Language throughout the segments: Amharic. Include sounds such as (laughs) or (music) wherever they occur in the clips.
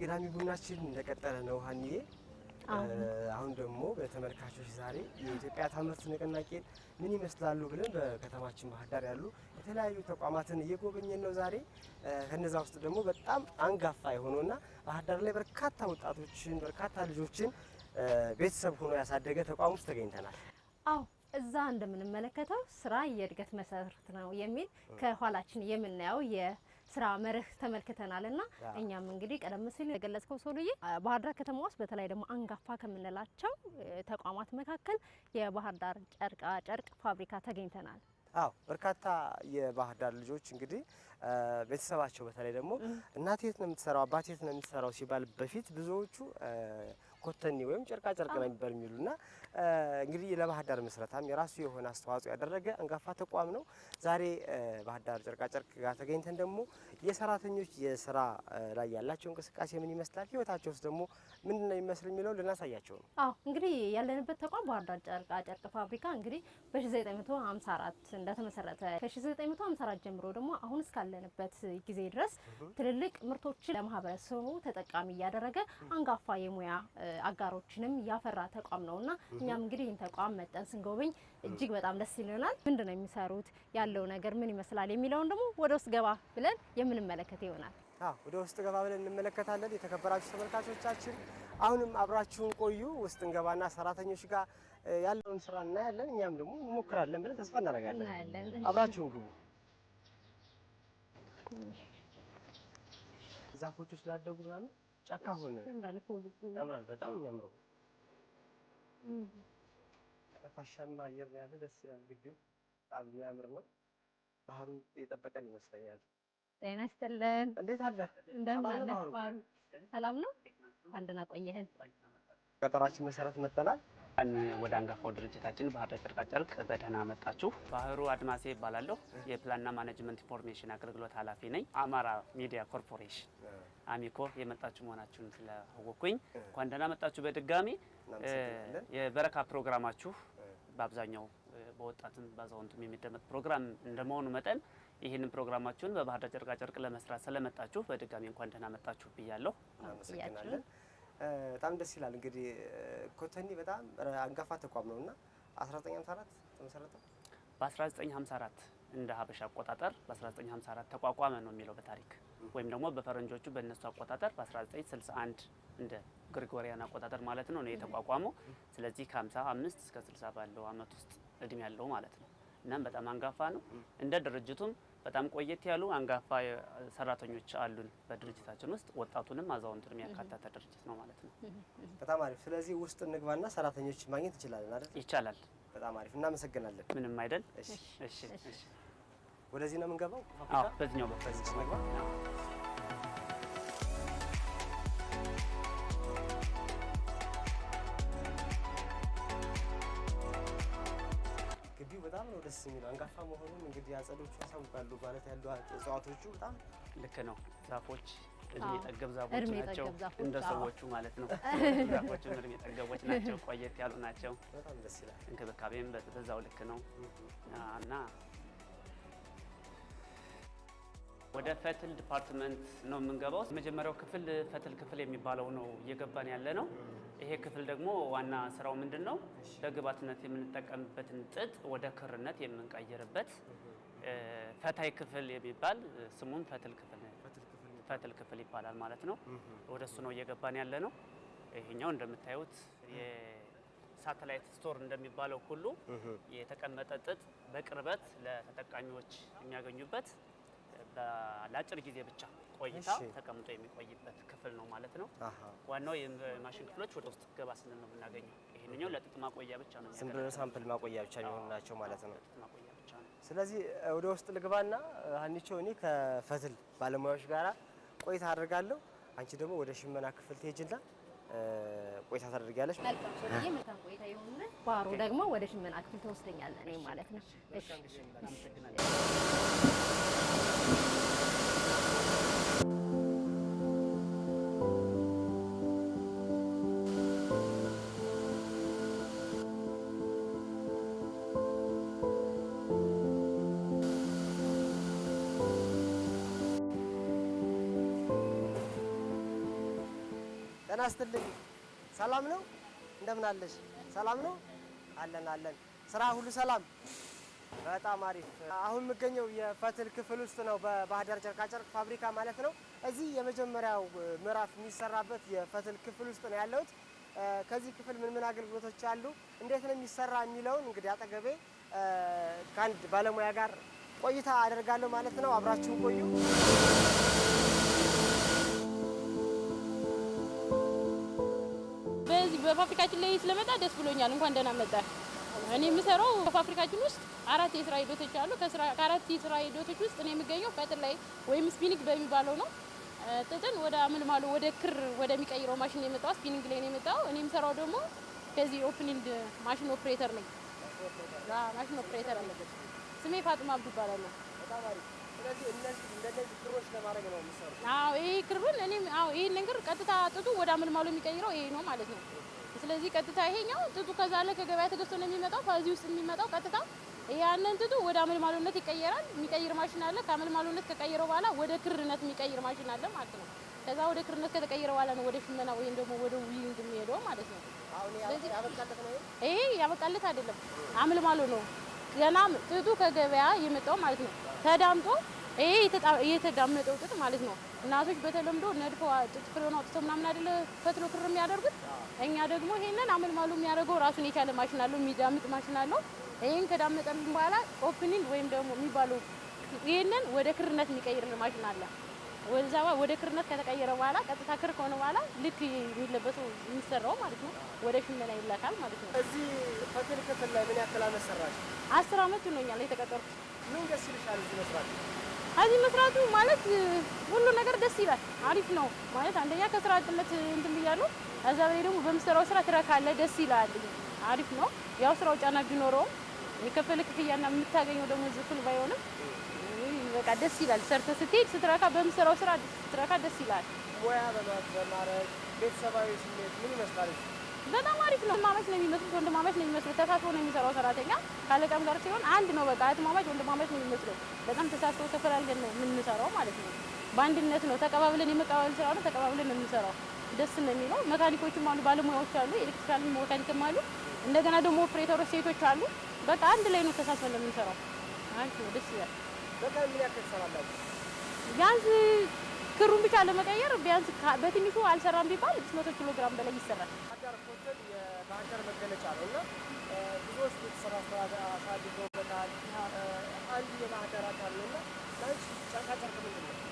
የቅዳሜ ቡናችን እንደቀጠለ ነው ሀኒዬ። አሁን ደግሞ በተመልካቾች ዛሬ የኢትዮጵያ ታምርት ንቅናቄን ምን ይመስላሉ ብለን በከተማችን ባህር ዳር ያሉ የተለያዩ ተቋማትን እየጎበኘን ነው ዛሬ። ከነዛ ውስጥ ደግሞ በጣም አንጋፋ የሆነውና ባህር ዳር ላይ በርካታ ወጣቶችን በርካታ ልጆችን ቤተሰብ ሆኖ ያሳደገ ተቋም ውስጥ ተገኝተናል። አዎ እዛ እንደምንመለከተው ስራ የእድገት መሰረት ነው የሚል ከኋላችን የምናየው ስራ መርህ ተመልክተናል እና እኛም እንግዲህ ቀደም ሲል የገለጽከው ሶሎዬ ባህር ዳር ከተማ ውስጥ በተለይ ደግሞ አንጋፋ ከምንላቸው ተቋማት መካከል የባህር ዳር ጨርቃ ጨርቅ ፋብሪካ ተገኝተናል። አዎ በርካታ የባህር ዳር ልጆች እንግዲህ ቤተሰባቸው በተለይ ደግሞ እናት የት ነው የምትሰራው አባት የት ነው የምትሰራው ሲባል በፊት ብዙዎቹ ኮተኒ ወይም ጨርቃ ጨርቅ ነው የሚባል የሚሉና እንግዲህ ለባህር ዳር ምስረታም የራሱ የሆነ አስተዋጽኦ ያደረገ አንጋፋ ተቋም ነው። ዛሬ ባህር ዳር ጨርቃ ጨርቅ ጋር ተገኝተን ደግሞ የሰራተኞች የስራ ላይ ያላቸው እንቅስቃሴ ምን ይመስላል፣ ህይወታቸው ውስጥ ደግሞ ምን ይመስል የሚለው ልናሳያቸው ነው። አዎ እንግዲህ ያለንበት ተቋም ባህር ዳር ጨርቃ ጨርቅ ፋብሪካ እንግዲህ በ1954 እንደተመሰረተ ከ1954 ጀምሮ ደግሞ አሁን እስካለ እስካለንበት ጊዜ ድረስ ትልልቅ ምርቶችን ለማህበረሰቡ ተጠቃሚ እያደረገ አንጋፋ የሙያ አጋሮችንም ያፈራ ተቋም እና እኛም እንግዲህ ይህን ተቋም መጠን ስንጎበኝ እጅግ በጣም ደስ ይለናል። ምንድን ነው የሚሰሩት ያለው ነገር ምን ይመስላል የሚለውን ደግሞ ወደ ውስጥ ገባ ብለን የምንመለከት ይሆናል። ወደ ውስጥ ገባ ብለን እንመለከታለን። የተከበራችሁ ተመልካቾቻችን አሁንም አብራችሁን ቆዩ። ውስጥ እንገባና ሰራተኞች ጋር ያለውን ስራ እናያለን። እኛም ደግሞ እንሞክራለን ብለን ተስፋ እናደርጋለን። አብራችሁን ግቡ። ዛፎቹ ስላደጉ ምናምን ጫካ ሆነ። ያምራል በጣም የሚያምረው ነፋሻማ አየር ያለ ደስ ይላል። ግቢው በጣም የሚያምር ነው። ባህሩ የጠበቀን ይመስለኛል። ጤና ይስጥልን። እንዴት አለ? እንደምን ሰላም ነው? አንድና ቆየህን ቀጠራችን መሰረት መጥተናል። ወደ አንጋፋው ድርጅታችን ባህር ዳር ጨርቅ በደህና መጣችሁ። ባህሩ አድማሴ ይባላለሁ። የፕላንና ማኔጅመንት ኢንፎርሜሽን አገልግሎት ኃላፊ ነኝ። አማራ ሚዲያ ኮርፖሬሽን አሚኮ የመጣችሁ መሆናችሁን ስለወኩኝ እንኳን ደህና መጣችሁ። በድጋሚ የበረካ ፕሮግራማችሁ በአብዛኛው በወጣትም በአዛውንቱም የሚደመጥ ፕሮግራም እንደመሆኑ መጠን ይህንን ፕሮግራማችሁን በባህር ዳር ጨርቅ ለመስራት ስለመጣችሁ በድጋሚ እንኳን ደህና መጣችሁ ብያለሁ። አመሰግናለን። በጣም ደስ ይላል። እንግዲህ ኮተኒ በጣም አንጋፋ ተቋም ነው እና 1954 ተመሰረተ። በ1954 እንደ ሀበሻ አቆጣጠር በ1954 ተቋቋመ ነው የሚለው በታሪክ ወይም ደግሞ በፈረንጆቹ በእነሱ አቆጣጠር በ1961 እንደ ግሪጎሪያን አቆጣጠር ማለት ነው ነው የተቋቋመው። ስለዚህ ከ55 እስከ 60 ባለው አመት ውስጥ እድሜ ያለው ማለት ነው። እናም በጣም አንጋፋ ነው እንደ ድርጅቱም በጣም ቆየት ያሉ አንጋፋ ሰራተኞች አሉን በድርጅታችን ውስጥ ወጣቱንም አዛውንቱን የሚያካተተ ድርጅት ነው ማለት ነው። በጣም አሪፍ። ስለዚህ ውስጥ እንግባና ሰራተኞች ማግኘት እንችላለን አይደል? ይቻላል። በጣም አሪፍ። እናመሰግናለን። ምንም አይደል። እሺ፣ እሺ፣ እሺ። ወደዚህ ነው የምንገባው? አዎ፣ በዚህኛው በኩል ነው ደስ የሚል አንጋፋ መሆኑን እንግዲህ አጸዶቹ ያሳውቃሉ። ማለት ያሉ እጽዋቶቹ በጣም ልክ ነው። ዛፎች እድሜ ጠገብ ዛፎች ናቸው፣ እንደ ሰዎቹ ማለት ነው። (laughs) ዛፎችም እድሜ ጠገቦች ናቸው፣ ቆየት ያሉ ናቸው። በጣም ደስ ይላል። እንክብካቤም በዛው ልክ ነው እና ወደ ፈትል ዲፓርትመንት ነው የምንገባው። የመጀመሪያው ክፍል ፈትል ክፍል የሚባለው ነው እየገባን ያለ ነው። ይሄ ክፍል ደግሞ ዋና ስራው ምንድን ነው? ለግባትነት የምንጠቀምበትን ጥጥ ወደ ክርነት የምንቀይርበት ፈታይ ክፍል የሚባል ስሙን ፈትል ክፍል ፈትል ክፍል ይባላል ማለት ነው። ወደ እሱ ነው እየገባን ያለ ነው። ይሄኛው እንደምታዩት የሳተላይት ስቶር እንደሚባለው ሁሉ የተቀመጠ ጥጥ በቅርበት ለተጠቃሚዎች የሚያገኙበት ለአጭር ጊዜ ብቻ ቆይታ ተቀምጦ የሚቆይበት ክፍል ነው ማለት ነው። ዋናው የማሽን ክፍሎች ወደ ውስጥ ገባ ስንል ነው የምናገኘው። ይህንኛው ለጥጥ ማቆያ ብቻ ነው፣ ዝም ብሎ ሳምፕል ማቆያ ብቻ የሚሆኑ ናቸው ማለት ነው። ስለዚህ ወደ ውስጥ ልግባና አንቺው እኔ ከፈትል ባለሙያዎች ጋራ ቆይታ አድርጋለሁ። አንቺ ደግሞ ወደ ሽመና ክፍል ትሄጅና ቆይታ ታደርጊያለሽ። ባሮ ደግሞ ወደ ሽመና ክፍል እኔ ማለት ነው። ጤና ይስጥልኝ። ሰላም ነው? እንደምን አለሽ? ሰላም ነው? አለን አለን። ስራ ሁሉ ሰላም በጣም አሪፍ። አሁን የምገኘው የፈትል ክፍል ውስጥ ነው፣ በባህዳር ጨርቃጨርቅ ፋብሪካ ማለት ነው። እዚህ የመጀመሪያው ምዕራፍ የሚሰራበት የፈትል ክፍል ውስጥ ነው ያለሁት። ከዚህ ክፍል ምን ምን አገልግሎቶች አሉ፣ እንዴት ነው የሚሰራ የሚለውን እንግዲህ አጠገቤ ከአንድ ባለሙያ ጋር ቆይታ አደርጋለሁ ማለት ነው። አብራችሁን ቆዩ። በዚህ በፋብሪካችን ላይ ስለመጣ ደስ ብሎኛል። እንኳን ደህና መጣ እኔ የምሰራው አፍሪካችን ውስጥ አራት የስራ ሂደቶች አሉ። ከአራት የስራ ሂደቶች ውስጥ እኔ የምገኘው ፈጥን ላይ ወይም ስፒኒንግ በሚባለው ነው። ጥጥን ወደ አመልማሉ ወደ ክር ወደሚቀይረው ማሽን የመጣው ስፒኒንግ ላይ ነው የመጣው። እኔ የምሰራው ደግሞ ከዚህ ኦፕኒንግ ማሽን ኦፕሬተር ነኝ። ማሽን ኦፕሬተር ነኝ። ስሜ ፋጡማ አብዱ ይባላለሁ። ይሄ ክርብን እኔም ይሄን ነገር ቀጥታ ጥጡ ወደ አመልማሎ የሚቀይረው ይሄ ነው ማለት ነው። ስለዚህ ቀጥታ ይሄኛው ጥጡ ከዛ ላይ ከገበያ ተገዝቶ ነው የሚመጣው። ከዚህ ውስጥ የሚመጣው ቀጥታ ያንን ጥጡ ወደ አመልማሎነት ይቀየራል። የሚቀይር ማሽን አለ። ከአመልማሎነት ከቀየረው በኋላ ወደ ክርነት የሚቀይር ማሽን አለ ማለት ነው። ከዛ ወደ ክርነት ከተቀየረ በኋላ ነው ወደ ሽመና ወይም ደግሞ ወደ ዊሊንግ የሚሄደው ማለት ነው። ይሄ ያበቃለት አይደለም፣ አመልማሎ ነው ገና ጥጡ ከገበያ የመጣው ማለት ነው። ተዳምጦ ይሄ የተዳመጠው ጥጥ ማለት ነው። እናቶች በተለምዶ ነድፎ ጥጥ ፍሬውን አውጥተው ምናምን አይደለ ፈትሎ ክር የሚያደርጉት። እኛ ደግሞ ይሄንን አመልማሉ የሚያደርገው ራሱን የቻለ ማሽን አለው፣ የሚዳምጥ ማሽን አለው። ይህን ከዳመጠልን በኋላ ኦፕኒንግ ወይም ደግሞ የሚባለው ይህንን ወደ ክርነት የሚቀይርልን ማሽን አለ። ወዛ ወደ ክርነት ከተቀየረ በኋላ ቀጥታ ክር ከሆነ በኋላ ልክ የሚለበሰው የሚሰራው ማለት ነው ወደ ሽመና ይላካል ማለት ነው። እዚህ ፈትል ክፍል ላይ ምን ያክል አመት ሰራሽ? አስር አመት ሆኖኛል የተቀጠርኩት ምን ደስ ይልሻል እዚህ መስራት? እዚህ መስራቱ ማለት ሁሉ ነገር ደስ ይላል፣ አሪፍ ነው ማለት አንደኛ ከስራ አጥነት እንትን ብያለሁ። ከዛ በላይ ደግሞ በምሰራው ስራ ትረካለህ፣ ደስ ይላል፣ አሪፍ ነው። ያው ስራው ጫና ቢኖረውም የከፈለ ክፍያና የምታገኘው ደግሞ ዝፍል ባይሆንም በቃ ደስ ይላል። ሰርተህ ስትሄድ ስትረካ፣ በምሰራው ስራ ስትረካ ደስ ይላል። ሙያ በማድረግ ቤተሰባዊ ስሜት ምን ይመስላል? በጣም አሪፍ ነው። ወንድማማች ነው የሚመስሉት፣ ወንድማማች ነው የሚመስሉት። ተሳስቦ ነው የሚሰራው ሰራተኛ ካለቀም ጋር ሲሆን አንድ ነው። በቃ እህትማማች ወንድማማች ነው የሚመስለው። በጣም ተሳስቦ ተፈላልገን ነው የምንሰራው ማለት ነው። በአንድነት ነው ተቀባብለን፣ የመቀባበል ስራ ነው። ተቀባብለን የምንሰራው። ደስ ነው የሚለው። መካኒኮችም አሉ፣ ባለሙያዎች አሉ፣ ኤሌክትሪካል መካኒክም አሉ። እንደገና ደግሞ ኦፕሬተሮች ሴቶች አሉ። በቃ አንድ ላይ ነው ተሳስበን የምንሰራው። አንቺ ነው፣ ደስ ይላል። በቃ ምን ያክል ትሰራላችሁ? ቢያንስ ክሩን ብቻ ለመቀየር ቢያንስ በትንሹ አልሰራም ቢባል 600 ኪሎ ግራም በላይ ይሰራል። ሀገር የባህር ዳር መገለጫ ነው እና ብዙዎች ቤተሰብ አሳድገውበታል። አንድ የባህር ዳር አካል ነው እና ጨርቃ ጨርቅ ምንድን ነው?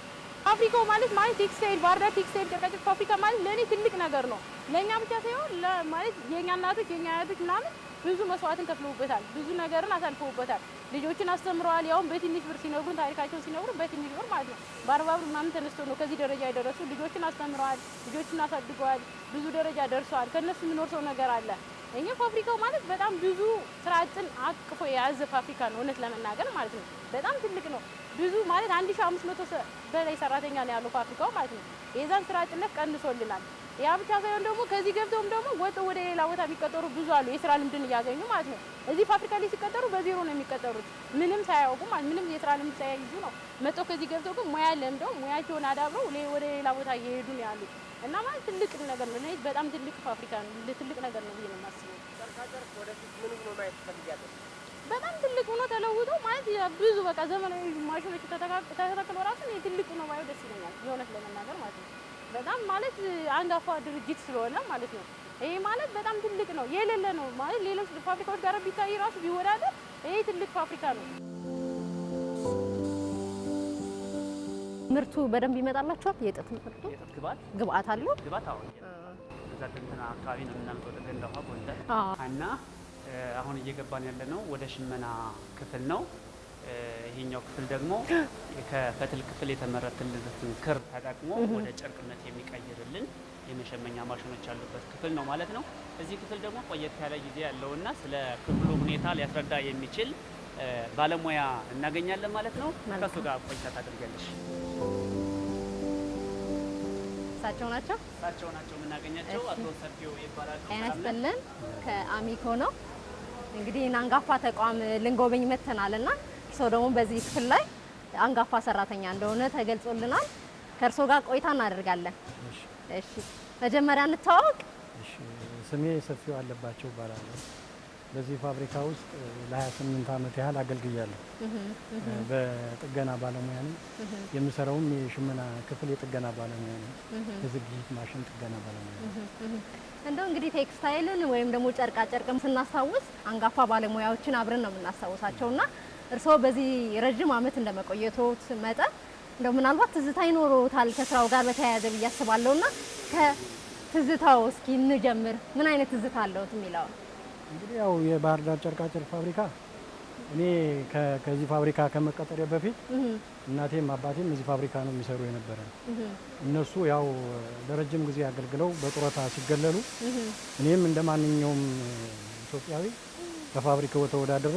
አፍሪካው ማለት ማለት ቴክስታይል ባህር ዳር ቴክስታይል ጨርቃጨርቅ ፋብሪካ ማለት ለእኔ ትልቅ ነገር ነው። ለእኛ ብቻ ሳይሆን ማለት የእኛ እናቶች የእኛ አያቶች ምናምን ብዙ መስዋዕትን ከፍለውበታል፣ ብዙ ነገርን አሳልፈውበታል፣ ልጆችን አስተምረዋል። ያውም በትንሽ ብር ሲነግሩን ታሪካቸውን ሲነግሩን በትንሽ ብር ማለት ነው በአርባ ብር ምናምን ተነስቶ ነው ከዚህ ደረጃ የደረሱ። ልጆችን አስተምረዋል፣ ልጆችን አሳድገዋል፣ ብዙ ደረጃ ደርሰዋል። ከእነሱ የምኖር ሰው ነገር አለ ይሄ ፋብሪካው ማለት በጣም ብዙ ስራጥን አቅፎ የያዘ ፋብሪካ ነው፣ እውነት ለመናገር ማለት ነው። በጣም ትልቅ ነው። ብዙ ማለት 1500 በላይ ሰራተኛ ነው ያለው ፋብሪካው ማለት ነው። የዛን ስራ ጭነት ቀንሶልናል። ያ ብቻ ሳይሆን ደግሞ ከዚህ ገብተውም ደግሞ ወጥ ወደ ሌላ ቦታ የሚቀጠሩ ብዙ አሉ፣ የስራ ልምድን እያገኙ ማለት ነው። እዚህ ፋብሪካ ላይ ሲቀጠሩ በዜሮ ነው የሚቀጠሩት፣ ምንም ሳያውቁ ማለት ምንም የስራ ልምድ ሳይዙ ነው መጥተው ከዚህ ገብተው ግን ሙያ ለምደው ሙያቸውን አዳብረው ወደ ሌላ ቦታ እየሄዱ ነው ያሉት። እና ማለት ትልቅ ነገር ነው። ለኔ በጣም ትልቅ ፋብሪካ ነው፣ ትልቅ ነገር ነው ብዬ ነው የማስበው። በጣም ትልቅ ሆኖ ተለውጦ ማለት ብዙ በቃ ዘመናዊ ማሽኖች ተተክሎ ራሱ እኔ ትልቅ ነው ማየው ደስ ይለኛል፣ የእውነት ለመናገር ማለት ነው። በጣም ማለት አንጋፋ ድርጅት ስለሆነ ማለት ነው። ይሄ ማለት በጣም ትልቅ ነው፣ የሌለ ነው ማለት ሌሎች ፋብሪካዎች ጋር ቢታይ ራሱ ቢወዳደር ይሄ ትልቅ ፋብሪካ ነው። ምርቱ በደንብ ይመጣላችኋል። የጥጥ ምርቱ ግብአት አለው አካባቢ ነው የምናመጣው እና አሁን እየገባን ያለ ነው ወደ ሽመና ክፍል ነው። ይሄኛው ክፍል ደግሞ (gasps) ከፈትል ክፍል የተመረተልበትን ክር ተጠቅሞ ወደ ጨርቅነት የሚቀይርልን የመሸመኛ ማሽኖች ያሉበት ክፍል ነው ማለት ነው። እዚህ ክፍል ደግሞ ቆየት ያለ ጊዜ ያለውና ስለ ክፍሉ ሁኔታ ሊያስረዳ የሚችል ባለሙያ እናገኛለን ማለት ነው። ከሱ ጋር ቆይታ ታደርጋለሽ። እሳቸው ናቸው እሳቸው ናቸው የምናገኛቸው። አቶ ሰፊው ይባላሉ። አይናስበለን ከአሚኮ ነው። እንግዲህ አንጋፋ ተቋም ልንጎበኝ መተናል እና ሰው ደግሞ በዚህ ክፍል ላይ አንጋፋ ሰራተኛ እንደሆነ ተገልጾልናል። ከእርሶ ጋር ቆይታ እናደርጋለን። እሺ፣ መጀመሪያ እንተዋወቅ። ስሜ ሰፊው አለባቸው ይባላል። በዚህ ፋብሪካ ውስጥ ለ28 ዓመት ያህል አገልግያለሁ። በጥገና ባለሙያ ነኝ። የምሰራውም የሽመና ክፍል የጥገና ባለሙያ ነኝ። የዝግጅት ማሽን ጥገና ባለሙያ ነኝ። እንደው እንግዲህ ቴክስታይልን ወይም ደግሞ ጨርቃ ጨርቅም ስናስታውስ አንጋፋ ባለሙያዎችን አብረን ነው የምናስታውሳቸው እና እርስዎ በዚህ ረዥም ዓመት እንደመቆየቶት መጠን እንደው ምናልባት ትዝታ ይኖሮታል ከስራው ጋር በተያያዘ ብዬ አስባለሁ እና ከትዝታው እስኪ እንጀምር። ምን አይነት ትዝታ አለውት የሚለውን እንግዲህ ያው የባህር ዳር ጨርቃጨርቅ ፋብሪካ እኔ ከዚህ ፋብሪካ ከመቀጠሪያ በፊት እናቴም አባቴም እዚህ ፋብሪካ ነው የሚሰሩ የነበረ። እነሱ ያው ለረጅም ጊዜ አገልግለው በጡረታ ሲገለሉ እኔም እንደ ማንኛውም ኢትዮጵያዊ በፋብሪካው ተወዳድሬ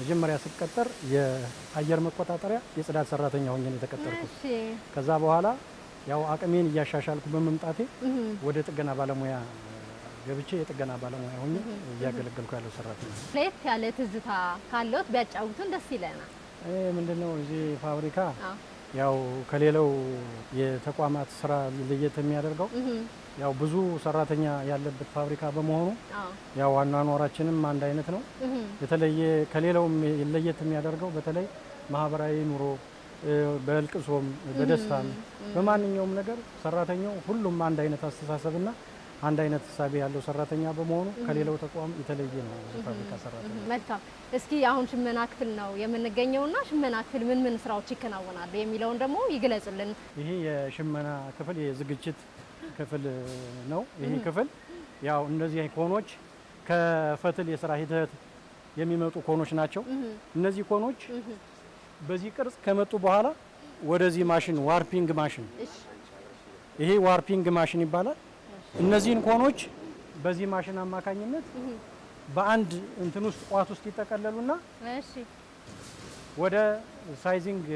መጀመሪያ ስቀጠር የአየር መቆጣጠሪያ የጽዳት ሰራተኛ ሆኜ ነው የተቀጠርኩት። ከዛ በኋላ ያው አቅሜን እያሻሻልኩ በመምጣቴ ወደ ጥገና ባለሙያ ገብቼ የጥገና ባለሙያ ሆኜ እያገለገልኩ ያለው ሰራተኛ። ለየት ያለ ትዝታ ካለዎት ቢያጫውቱን ደስ ይለናል። ምንድነው እዚህ ፋብሪካ ያው ከሌላው የተቋማት ስራ ለየት የሚያደርገው ያው ብዙ ሰራተኛ ያለበት ፋብሪካ በመሆኑ ያው አኗኗራችንም አንድ አይነት ነው። የተለየ ከሌላውም ለየት የሚያደርገው በተለይ ማህበራዊ ኑሮ በእልቅሶም፣ በደስታም፣ በማንኛውም ነገር ሰራተኛው ሁሉም አንድ አይነት አስተሳሰብና አንድ አይነት ህሳቤ ያለው ሰራተኛ በመሆኑ ከሌላው ተቋም የተለየ ነው። ፋብሪካ ሰራተኛ መልካም። እስኪ አሁን ሽመና ክፍል ነው የምንገኘውና ሽመና ክፍል ምን ምን ስራዎች ይከናወናሉ የሚለውን ደግሞ ይግለጽልን። ይሄ የሽመና ክፍል የዝግጅት ክፍል ነው። ይሄ ክፍል ያው እነዚህ ኮኖች ከፈትል የስራ ሂደት የሚመጡ ኮኖች ናቸው። እነዚህ ኮኖች በዚህ ቅርጽ ከመጡ በኋላ ወደዚህ ማሽን ዋርፒንግ ማሽን፣ ይሄ ዋርፒንግ ማሽን ይባላል። እነዚህን ኮኖች በዚህ ማሽን አማካኝነት በአንድ እንትን ውስጥ ቋት ውስጥ ይጠቀለሉና ወደ ሳይዚንግ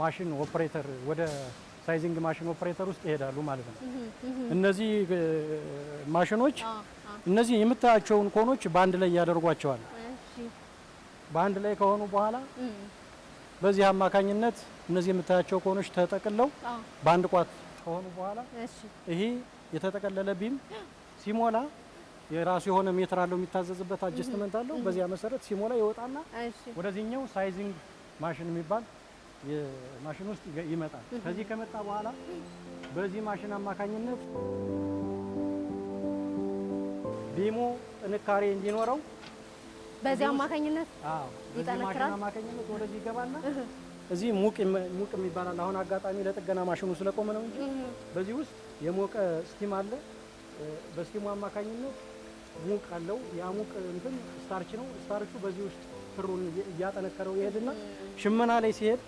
ማሽን ኦፕሬተር ወደ ሳይዚንግ ማሽን ኦፕሬተር ውስጥ ይሄዳሉ ማለት ነው። እነዚህ ማሽኖች እነዚህ የምታያቸውን ኮኖች በአንድ ላይ ያደርጓቸዋል። በአንድ ላይ ከሆኑ በኋላ በዚህ አማካኝነት እነዚህ የምታያቸው ኮኖች ተጠቅለው በአንድ ቋት ከሆኑ በኋላ ይሄ የተጠቀለለ ቢም ሲሞላ የራሱ የሆነ ሜትር አለው የሚታዘዝበት አጀስትመንት አለው። በዚያ መሰረት ሲሞላ ይወጣና ወደዚህኛው ሳይዚንግ ማሽን የሚባል ማሽን ውስጥ ይመጣል። ከዚህ ከመጣ በኋላ በዚህ ማሽን አማካኝነት ቢሙ ጥንካሬ እንዲኖረው በዚህ አማካኝነት ይጠነክራል። አማካኝነት ወደዚህ ይገባና እዚህ ሙቅ ሙቅ የሚባላል አሁን አጋጣሚ ለጥገና ማሽኑ ስለቆመ ነው እንጂ በዚህ ውስጥ የሞቀ ስቲም አለ። በስቲሙ አማካኝነት ሙቅ አለው። ያ ሙቅ እንትን ስታርች ነው። ስታርቹ በዚህ ውስጥ ክሩን እያጠነከረው ይሄድና ሽመና ላይ ሲሄድ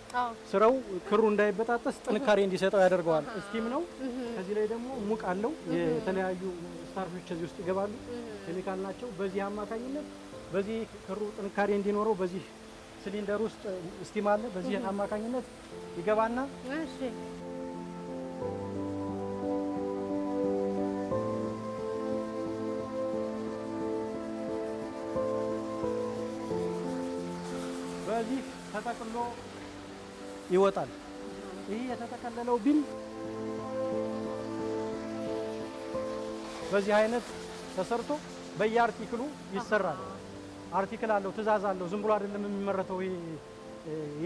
ስራው ክሩ እንዳይበጣጠስ ጥንካሬ እንዲሰጠው ያደርገዋል። ስቲም ነው። ከዚህ ላይ ደግሞ ሙቅ አለው። የተለያዩ ስታርቾች እዚህ ውስጥ ይገባሉ። ኬሚካል ናቸው። በዚህ አማካኝነት በዚህ ክሩ ጥንካሬ እንዲኖረው በዚህ ሲሊንደር ውስጥ ስቲም አለ። በዚህ አማካኝነት ይገባና በዚህ ተጠቅሎ ይወጣል። ይህ የተጠቀለለው ቢል በዚህ አይነት ተሰርቶ በየአርቲክሉ ይሰራል። አርቲክል አለው፣ ትእዛዝ አለው። ዝም ብሎ አይደለም የሚመረተው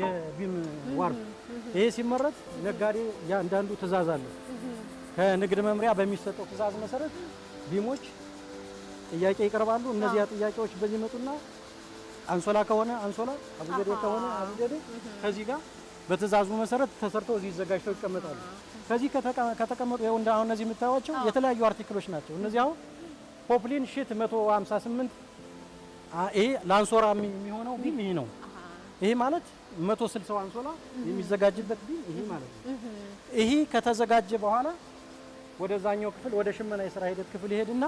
የቢም ዋርፕ። ይሄ ሲመረት ነጋዴ እያንዳንዱ ትእዛዝ አለው። ከንግድ መምሪያ በሚሰጠው ትእዛዝ መሰረት ቢሞች ጥያቄ ይቀርባሉ። እነዚያ ጥያቄዎች በዚህ መጡና አንሶላ ከሆነ አንሶላ፣ አቡጀዴ ከሆነ አቡጀዴ ከዚህ ጋር በትእዛዙ መሰረት ተሰርቶ እዚህ ይዘጋጅተው ይቀመጣሉ። ከዚህ ከተቀመጡ ይኸው አሁን እነዚህ የምታዩዋቸው የተለያዩ አርቲክሎች ናቸው። እነዚህ አሁን ፖፕሊን ሺት 158 ይሄ ለአንሶራ የሚሆነው ቢም ይሄ ነው። ይሄ ማለት 160 አንሶላ የሚዘጋጅበት ቢም ይሄ ማለት ነው። ይሄ ከተዘጋጀ በኋላ ወደዛኛው ክፍል ወደ ሽመና የስራ ሂደት ክፍል ይሄድና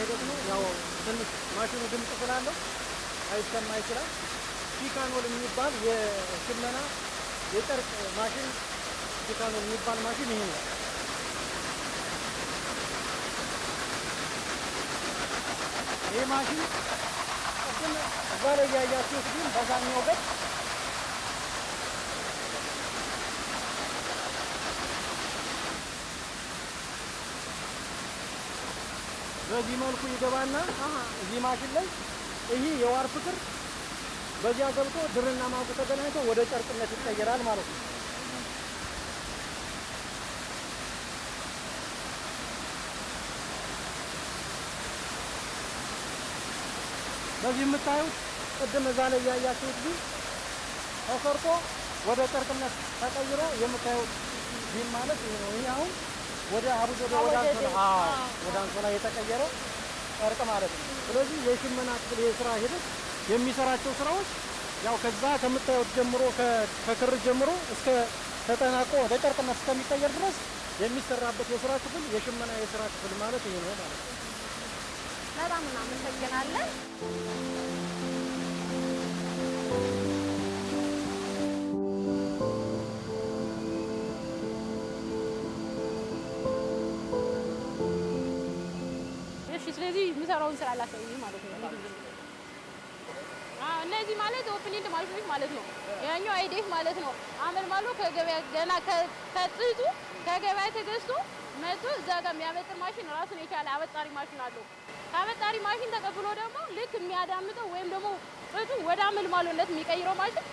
ሂደት ነው። ያው ትንሽ ማሽኑ ድምፅ ስላለው አይሰማ ይችላል። ፒካኖል የሚባል የሽመና የጨርቅ ማሽን ፒካኖል የሚባል ማሽን ይሄ ነው። ይህ ማሽን እዛ ላይ ያያችሁት ግን በዛኛው ገጽ በዚህ መልኩ ይገባና እዚህ ማሽን ላይ ይሄ የዋር ፍቅር በዚያ ገብቶ ድርና ማቁ ተገናኝቶ ወደ ጨርቅነት ይቀየራል ማለት ነው። በዚህ የምታዩት ቅድም እዛ ላይ እያያቸው ግን ተሰርቶ ወደ ጨርቅነት ተቀይሮ የምታዩት ቢም ማለት ይሄ ነው። ይሄ አሁን ወደ አቡጀዳ ወደ አንሶላ ወደ አንሶላ የተቀየረ ጨርቅ ማለት ነው። ስለዚህ የሽመና ክፍል የስራ ሂደት የሚሰራቸው ስራዎች ያው ከዛ ከምታዩት ጀምሮ ከክር ጀምሮ እስከ ተጠናቆ ወደ ጨርቅነት እስከሚቀየር ድረስ የሚሰራበት የስራ ክፍል የሽመና የስራ ክፍል ማለት ይሄ ነው ማለት ነው። በጣም እናመሰግናለን። ስለዚህ የምሰራውን ስራ አላሳይም ማለት ነው። እነዚህ ማለት ኦፕን ኤንድ ማሽኖች ማለት ነው። ያኛው አይዴፍ ማለት ነው። አመል ማሉ ከገበያ ገና ከጥጡ ከገበያ ተገዝቶ መቶ እዛ ጋር የሚያበጥር ማሽን ራሱን የቻለ አበጣሪ ማሽን አለው። ከአበጣሪ ማሽን ተቀብሎ ደግሞ ልክ የሚያዳምጠው ወይም ደግሞ ጥጡ ወደ አመል ማሉነት የሚቀይረው ማሽን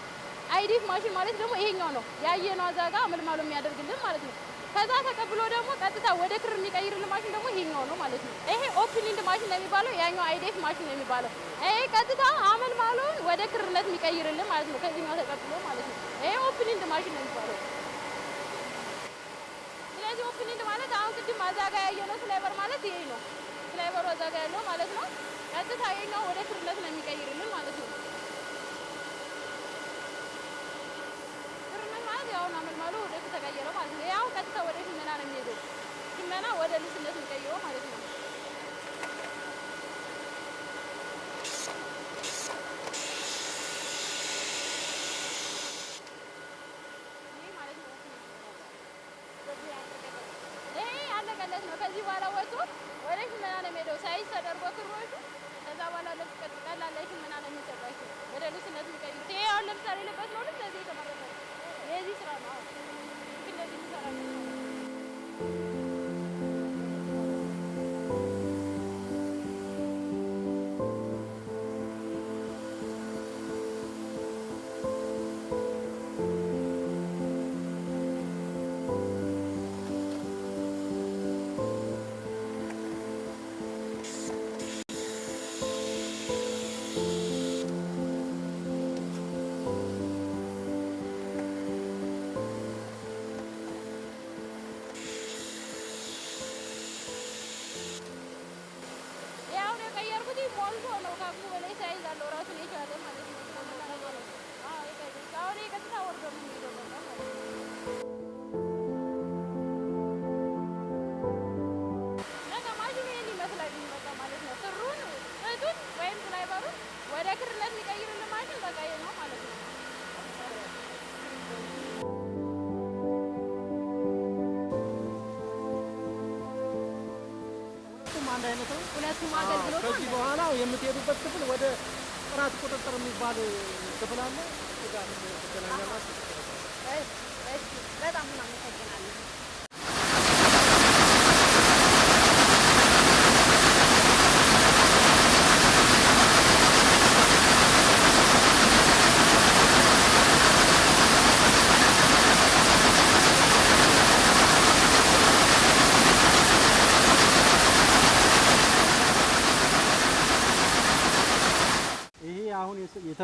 አይዲፍ ማሽን ማለት ደግሞ ይሄኛው ነው ያየነው እዛ ጋር የሚያደርግልን ማለት ነው። ከዛ ተቀብሎ ደግሞ ቀጥታ ወደ ክር የሚቀይርልን ማሽን ደግሞ ነው ማለት ነው። ይሄ ኦፕን ማሽን ነው የሚባለው፣ ያኛው አይዴፍ ማሽን ነው የሚባለው። ይሄ ቀጥታ አመል ማለውን ወደ ክርነት የሚቀይርልን ማለት ነው፣ ከዚህኛው ተቀጥሎ ማለት ነው። ይሄ ኦፕን ማሽን ነው የሚባለው። ስለዚህ ኦፕን ኢንድ ማለት አሁን ቅድም እዛ ያየነው ስላይበር ማለት ይሄ ነው። ስላይበሩ እዛ ያለው ማለት ነው። ቀጥታ ይሄኛው ወደ ክርነት ነው የሚቀይርልን ማለት ነው። ያው አመልማሉ ወደፊት ተቀየረ ማለት ነው። ያው ቀጥታ ወደ ሽመና ነው የሚሄደው። ሽመና ወደ ልብስነት 들어가야 되는 ሞልቶ ነው ከአቅሙ በላይ ሳይዝ አለው እራሱን የቻለ ማለት ነው። አሁን ቀጥታ ወርዶ ነው የሚሄደው ማለት ነው። ነገ ወደ ክር ለሚቀይርልን ማሽን በቃ ማለት ነው። አንድ አይነት ነው። ሁለቱም አገልግሎት ከዚህ በኋላ የምትሄዱበት ክፍል ወደ ጥራት ቁጥጥር የሚባል ክፍል አለ።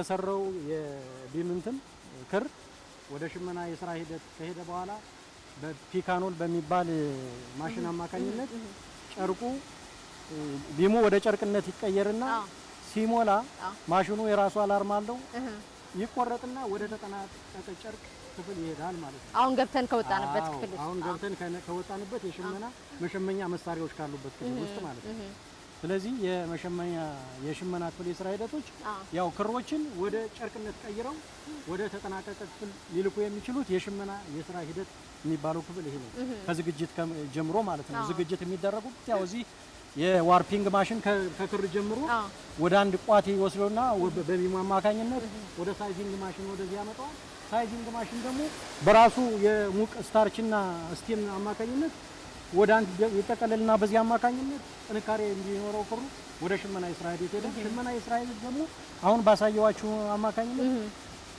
የተሰራው የቢም ክር ወደ ሽመና የስራ ሂደት ከሄደ በኋላ በፒካኖል በሚባል ማሽን አማካኝነት ጨርቁ ቢሙ ወደ ጨርቅነት ይቀየርና ሲሞላ ማሽኑ የራሱ አላርም አለው ይቆረጥና ወደ ተጠናቀቀ ጨርቅ ክፍል ይሄዳል ማለት ነው። አሁን ገብተን ከወጣንበት ክፍል አሁን ገብተን ከወጣንበት የሽመና መሸመኛ መሳሪያዎች ካሉበት ክፍል ውስጥ ማለት ነው። ስለዚህ የመሸመኛ የሽመና ክፍል የስራ ሂደቶች ያው ክሮችን ወደ ጨርቅነት ቀይረው ወደ ተጠናቀቀ ክፍል ሊልኩ የሚችሉት የሽመና የስራ ሂደት የሚባለው ክፍል ይሄ ነው። ከዝግጅት ጀምሮ ማለት ነው። ዝግጅት የሚደረጉት ያው እዚህ የዋርፒንግ ማሽን ከክር ጀምሮ ወደ አንድ ቋት ይወስደውና በሚሙ አማካኝነት ወደ ሳይዚንግ ማሽን ወደዚህ ያመጣዋል። ሳይዚንግ ማሽን ደግሞ በራሱ የሙቅ ስታርችና ስቲም አማካኝነት ወደ አንድ ይጠቀለልና በዚህ አማካኝነት ጥንካሬ እንዲኖረው ክሩ ወደ ሽመና የስራ ሂደት ሄደ። ሽመና የስራ ሂደት ደግሞ አሁን ባሳየዋችሁ አማካኝነት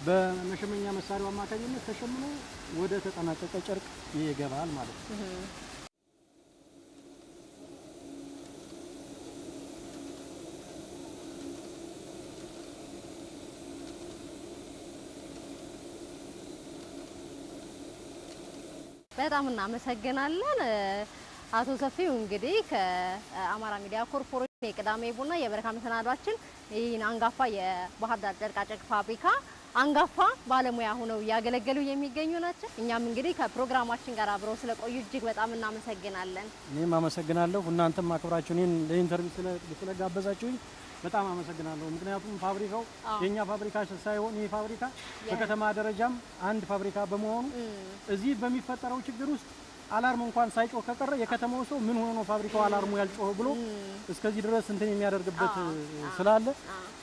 በመሸመኛ መሳሪያው አማካኝነት ተሸምኖ ወደ ተጠናቀቀ ጨርቅ ይገባል ማለት ነው። በጣም እናመሰግናለን አቶ ሰፊው እንግዲህ ከአማራ ሚዲያ ኮርፖሬሽን የቅዳሜ ቡና የበረካ መሰናዷችን ይህን አንጋፋ የባህር ዳር ጨርቃጨርቅ ፋብሪካ አንጋፋ ባለሙያ ሆነው እያገለገሉ የሚገኙ ናቸው። እኛም እንግዲህ ከፕሮግራማችን ጋር አብረው ስለቆዩ እጅግ በጣም እናመሰግናለን። እኔም አመሰግናለሁ። እናንተም አክብራችሁ እኔን ለኢንተርቪው ስለጋበዛችሁኝ በጣም አመሰግናለሁ። ምክንያቱም ፋብሪካው የኛ ፋብሪካ ሳይሆን ይህ ፋብሪካ በከተማ ደረጃም አንድ ፋብሪካ በመሆኑ እዚህ በሚፈጠረው ችግር ውስጥ አላርም እንኳን ሳይጮህ ከቀረ የከተማው ሰው ምን ሆኖ ነው ፋብሪካው አላርሙ ያልጮህ ብሎ እስከዚህ ድረስ እንትን የሚያደርግበት ስላለ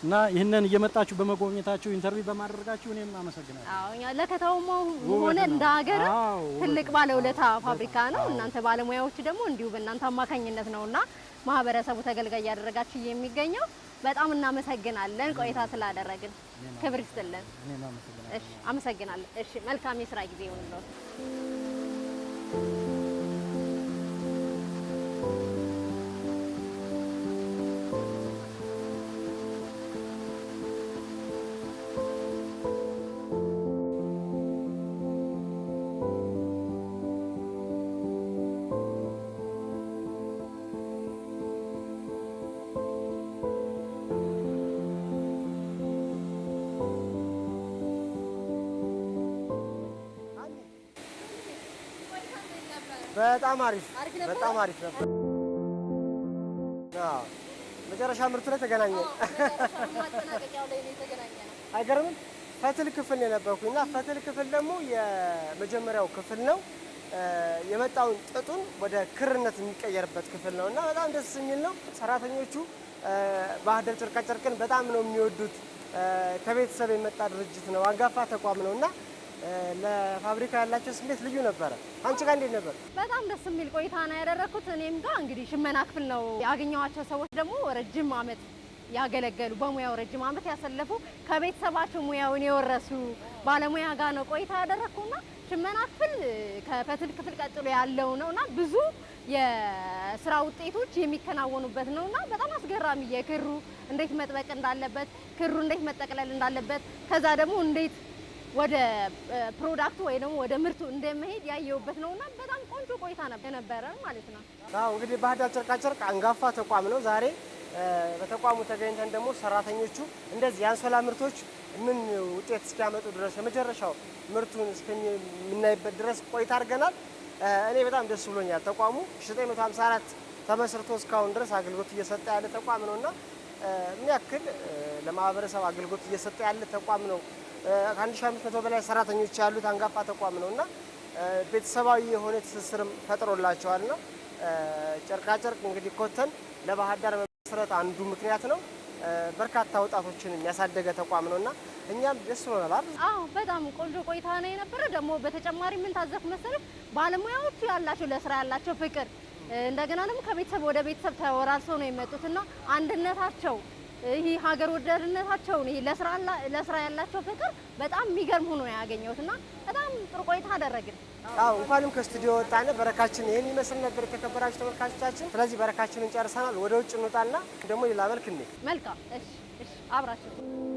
እና ይህንን እየመጣችሁ በመጎብኘታችሁ ኢንተርቪው በማድረጋችሁ እኔም አመሰግናለሁ። አዎ ለከተማው ሆነ እንደ ሀገር ትልቅ ባለውለታ ፋብሪካ ነው። እናንተ ባለሙያዎች ደግሞ እንዲሁ በእናንተ አማካኝነት ነውና ማህበረሰቡ ተገልጋይ እያደረጋችሁ የሚገኘው። በጣም እናመሰግናለን ቆይታ ስላደረግን ክብር ይስጥልን። እሺ አመሰግናለን። እሺ መልካም የስራ ጊዜ ይሁንልዎት። በጣም አሪፍ በጣም አሪፍ ነበር። መጨረሻ ምርቱ ላይ ተገናኘ አይገርምም? ፈትል ክፍል ነው የነበርኩኝ እና ፈትል ክፍል ደግሞ የመጀመሪያው ክፍል ነው የመጣውን ጥጡን ወደ ክርነት የሚቀየርበት ክፍል ነው እና በጣም ደስ የሚል ነው። ሰራተኞቹ ባህር ዳር ጨርቃጨርቅን በጣም ነው የሚወዱት። ከቤተሰብ የመጣ ድርጅት ነው፣ አንጋፋ ተቋም ነው እና ለፋብሪካ ያላቸው ስሜት ልዩ ነበረ። አንቺ ጋር እንዴት ነበር? በጣም ደስ የሚል ቆይታ ነው ያደረኩት። እኔም ጋር እንግዲህ ሽመና ክፍል ነው ያገኘኋቸው ሰዎች ደግሞ ረጅም ዓመት ያገለገሉ በሙያው ረጅም ዓመት ያሰለፉ ከቤተሰባቸው ሙያውን የወረሱ ባለሙያ ጋር ነው ቆይታ ያደረኩና ሽመና ክፍል ከፈትል ክፍል ቀጥሎ ያለው ነውና ብዙ የስራ ውጤቶች የሚከናወኑበት ነውና በጣም አስገራሚ የክሩ እንዴት መጥበቅ እንዳለበት፣ ክሩ እንዴት መጠቅለል እንዳለበት ከዛ ደግሞ እንዴት ወደ ፕሮዳክቱ ወይ ደግሞ ወደ ምርቱ እንደመሄድ ያየሁበት ነውና በጣም ቆንጆ ቆይታ ነበረ ማለት ነው። አዎ እንግዲህ ባህር ዳር ጨርቃጨርቅ አንጋፋ ተቋም ነው። ዛሬ በተቋሙ ተገኝተን ደግሞ ሰራተኞቹ እንደዚህ የአንሶላ ምርቶች ምን ውጤት እስኪያመጡ ድረስ የመጨረሻው ምርቱን እስከምናይበት ድረስ ቆይታ አድርገናል። እኔ በጣም ደስ ብሎኛል። ተቋሙ 954 ተመስርቶ እስካሁን ድረስ አገልግሎት እየሰጠ ያለ ተቋም ነውና ምን ያክል ለማህበረሰብ አገልግሎት እየሰጠ ያለ ተቋም ነው ከአንድ ሺህ አምስት መቶ በላይ ሰራተኞች ያሉት አንጋፋ ተቋም ነው እና ቤተሰባዊ የሆነ ትስስርም ፈጥሮላቸዋል ነው። ጨርቃጨርቅ እንግዲህ ኮተን ለባህር ዳር መመስረት አንዱ ምክንያት ነው። በርካታ ወጣቶችን የሚያሳደገ ተቋም ነው እና እኛም ደስ ብሎናል። አዎ በጣም ቆንጆ ቆይታ ነው የነበረ። ደግሞ በተጨማሪ ምን ታዘፍ መሰለህ፣ ባለሙያዎቹ ያላቸው ለስራ ያላቸው ፍቅር እንደገና ደግሞ ከቤተሰብ ወደ ቤተሰብ ተወራርሰው ነው የመጡት እና አንድነታቸው ይህ ሀገር ወዳድነታቸውን ይሄ ለስራ ያላቸው ፍቅር በጣም የሚገርም ሆኖ ነው ያገኘሁት እና በጣም ጥሩ ቆይታ አደረግን። አዎ እንኳንም ከስቱዲዮ ወጣን። በረካችን ይህን ይመስል ነበር የተከበራችሁ ተመልካቾቻችን። ስለዚህ በረካችንን ጨርሰናል። ወደ ውጭ እንውጣና ደግሞ ሌላ መልክ እንሂድ። መልካም። እሺ፣ እሺ፣ አብራችሁ